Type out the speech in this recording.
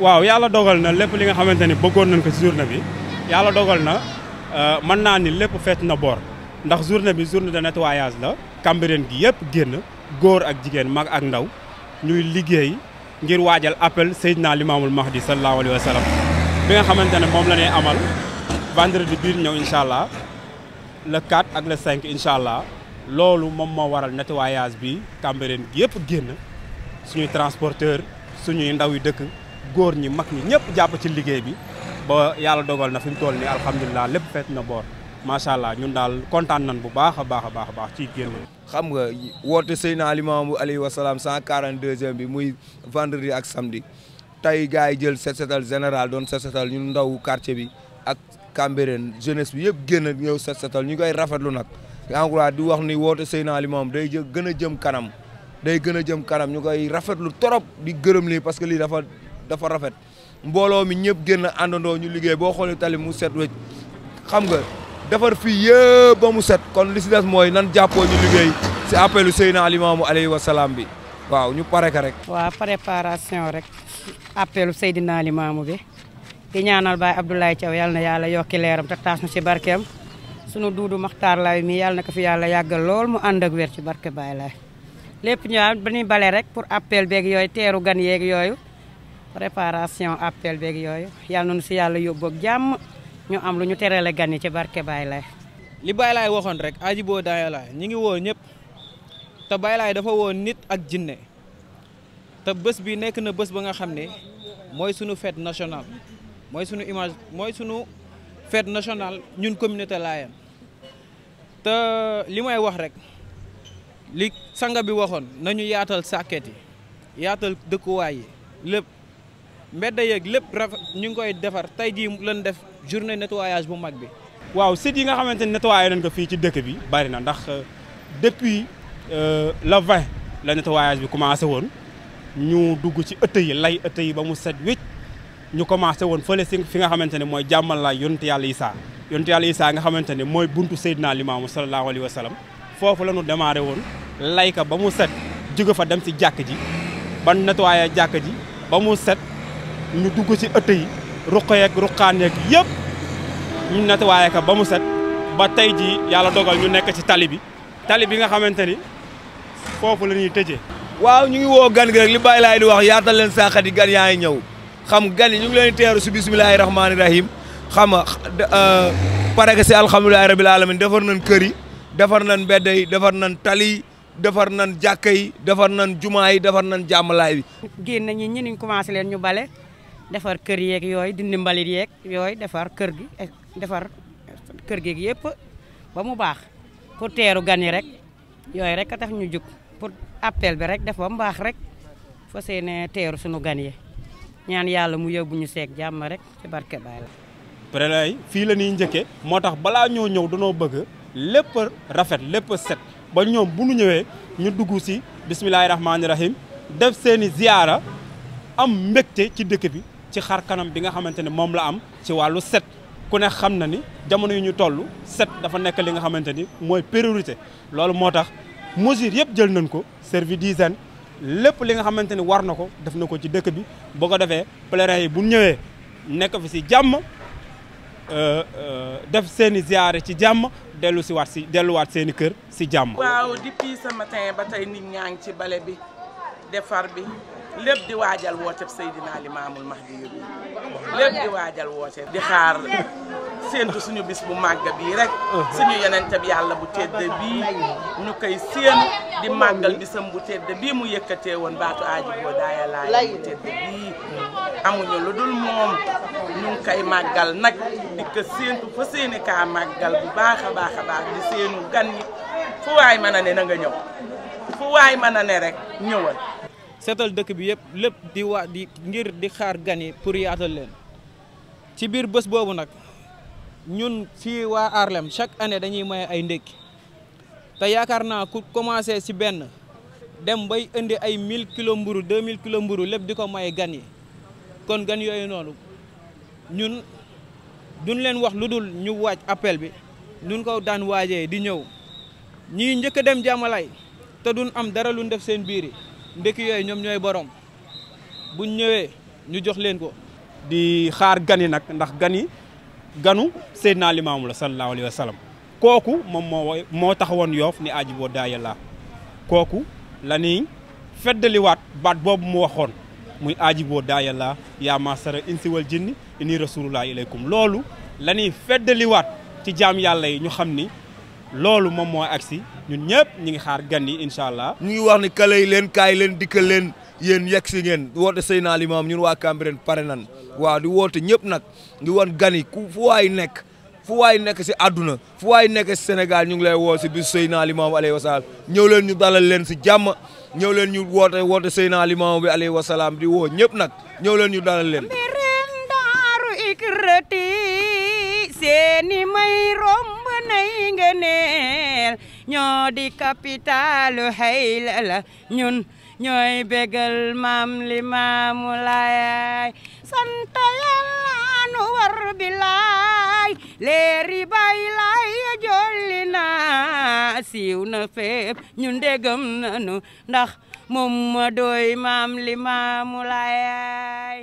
waaw yàlla dogal na lépp li nga xamante ni bëggoon nañ ko si journée bi yàlla dogal na euh, mën naa ni lépp feet na boor ndax journée bi journée de nettoyage la Cambérène gi yëpp génn góor ak jigéen mag ak ndaw ñuy liggéey ngir waajal appel Seydina Limaamul Mahdi sallallahu alayhi wa sallam bi nga xamante ne moom la ñuy amal vendredi biir ñëw incha allah le 4 ak le 5 incha allah loolu moom moo waral nettoyage bi Cambérène gi yëpp génn suñuy transporteur suñuy ndaw yu dëkk góor ñi mag ñi ñëpp jàpp ci liggéey bi ba yàlla dogal na fi mu toll nii alhamdulilah lépp fekk na boor macha allah ñun daal kontaan nan bu baax a baax a baax a baax ci génn. xam nga woote Seydina Limaamu alayhi wa salaam 142e bi muy vendredi ak samedi tey gars yi jël set setal général doon set setal ñun ndaw quartier bi ak Cambérène jeunesse bi yëpp génn ñëw set setal ñu rafet lu nag. en di wax ni woote Seydina Limaamu day jë gën a jëm kanam day gën a jëm kanam ñu koy dafa rafet mbooloo mi ñëpp génn àndandoo ñu liggéey boo xoolee tali mu set wécc xam nga defar fii yëpp ba mu set kon li si mooy nan jàppoo ñu liggéey si appelu Seydina Alimaamu aleyhi wa salaam bi waaw ñu pare ka rek. waaw préparation rek appelu Seydina Alimaamu bi di ñaanal baay Abdoulaye caw yal na yàlla yokki leeram te taas na si barkeem sunu duudu Maxtaar Laay mi yal na ko fi yàlla yàggal lool mu ànd ak ci barke Baay Laay lépp ñu ba ñuy bale rek pour appel beeg yooyu teeru gan yeeg yooyu. préparation appel beeg yooyu yàlla nañu si yàlla yóbbu ak jàmm ñu am lu ñu terale gan yi ci barke Baye lay li Baye Laye waxoon rek aji boo daaya laay ñi ngi woo ñëpp te Baye Laye dafa woo nit ak jinne te bés bi nekk na bës ba nga xam ne mooy sunu fête national mooy sunu image mooy sunu fête national ñun communauté Layène te li may wax rek li sanga bi waxoon nañu yaatal sàkket yi yaatal dëkkuwaay yi lépp. mbedd yeeg lépp rafet ñu ngi koy defar tey jii lan def journée nettoyage bu mag bi. waaw site yi nga xamante ne nettoyé nañ ko fii ci dëkk bi bari na ndax euh, depuis euh, le 20 la nettoyage bi commencé woon ñu dugg ci ëtt yi lay ëtt ba mu set wécc ñu commencé woon fële si fi nga xamante ne mooy jàmmal laay yonent yàlla Isaa yonent yi saa nga xamante ne mooy buntu Seydina Limaamu sallallahu alayhi wa sallam foofu la ñu démarré woon lay ka ba mu set jóge fa dem si jàkk ji ban nettoyé jàkk ji ba mu set. ñu dugg ci ëtt yi ruq yeeg yëpp ñu nettoyé ko ba mu set ba tey jii yàlla dogal ñu nekk ci tali bi tali bi nga xamante ni foofu la ñuy tëjee. waaw ñu ngi woo gan gi rek li bàyyi laay di wax yaatal leen saaxat yi gan yaa ngi ñëw xam gan yi ñu ngi leen teeru si bisimilahi rahmaani xam nga euh, pare que si alhamdulilahi rabil alamin defar nañ kër yi defar nañ mbedd yi defar nañ tali yi defar nañ jàkka yi defar nañ jumaa yi defar nañ jàmmalaay bi. génn ñi ñi niñ leen ñu bale. defar kër yeeg yooyu dindi mbalit yeeg yooyu defar kër gi eh, defar kër geeg yëpp ba mu baax pour teeru gan yi rek yooyu rek a tax ñu jug pour appel bi rek def ba mu baax rek fa seene teeru sunu gan yi ñaan yàlla mu yóbbu ñu seeg jàmm rek ci barke baay la prélay fii la ñuy njëkkee moo tax balaa ñoo ñëw danoo bëgg lépp rafet lépp set ba ñoom bu ñu ñëwee ñu dugg si bisimilahi rahmaani rahim def seeni ziyaara am mbégte ci dëkk bi ci xar kanam bi nga xamante ne moom la am ci wàllu set ku ne xam na ni jamono yu ñu toll set dafa nekk li nga xamante ni mooy priorité loolu moo tax mesures yëpp jël nañ ko service d'hygiène lépp li nga xamante ni war na ko def na ko ci dëkk bi boo ko defee pèlerins yi bu ñëwee nekk fi si jàmm euh, euh, def seeni ziyaare ci jàmm dellu si waat si delluwaat seeni kër si jàmm. waaw depuis ce matin ba tey nit ñaa ngi ci bale bi defar bi. lépp di waajal wooteeb Seydina Limaamul Mahdi yóbbu lépp di waajal wooteeb di xaar séentu suñu bis bu màgg bii rek suñu yonente bi yàlla bu tedd bii ñu koy séen di màggal bisam bu tedd bii mu yëkkatee woon baatu aaji boo daaya tedd bii amuñu lu dul moom ñu koy màggal nag di ko séentu fa séeni kaa màggal bu baax a baax di séenu gan yi fu waay mën ne na nga ñëw fu waay mën ne rek ñëwal seetal dëkk bi yëpp lépp di waa di ngir di xaar gan yi pour yaatal leen ci biir bés boobu nag ñun fii waa Harlem chaque année dañuy maye ay ndékki te yaakaar naa ku commencé ci benn dem bay indi ay 1000 kilos mburu 2000 kilos mburu lépp di ko maye gan yi kon gan yooyu noonu ñun duñ leen wax lu dul ñu waaj appel bi ñun ko daan waajee di ñëw ñuy njëkk a dem jàmmalay te duñ am dara luñ def seen biir yi ndekki yooyu ñoom ñooy borom bu ñëwee ñu jox leen ko. di xaar gani nag ndax gani ganu Seydina Limaamu la sallallahu alayhi wa kooku moom moo moo taxawoon yoof ni aji boo daaya laa kooku la ni feddaliwaat baat boobu mu waxoon muy aji boo daaya laa yaa maasara insi wal jinni inni rasulullah ilaykum loolu la ni feddaliwaat ci jaam yàlla yi ñu xam ni. loolu moom moo agsi ñun ñëpp ñu ngi xaar gan yi incha allah. ñu wax ni kale yi leen kaay leen dikkal leen yéen yegg si ngeen woote Seydina Limamou ñun waa Cambérène pare nan waa di woote ñëpp nag di wan gan yi ku fu waay nekk fu waay nekk si àdduna fu waay nekk si senegal ñu ngi lay woo si bis Seydina Limamou alayhi wa salaam ñëw leen ñu dalal leen si jàmm ñëw leen ñu woote woote Seydina Limamou bi alayhi wa di woo ñëpp nag ñëw leen ñu dalal leen. seeni may rom ay ngëneel ñoo di capitalu Xayla la ñun ñooy bégal maam li maamu laay sant yàlla nu war bi laay leeri bay laay jolli na siiw na fépp ñun dégëm nanu ndax moom ma doy maam li maamu laay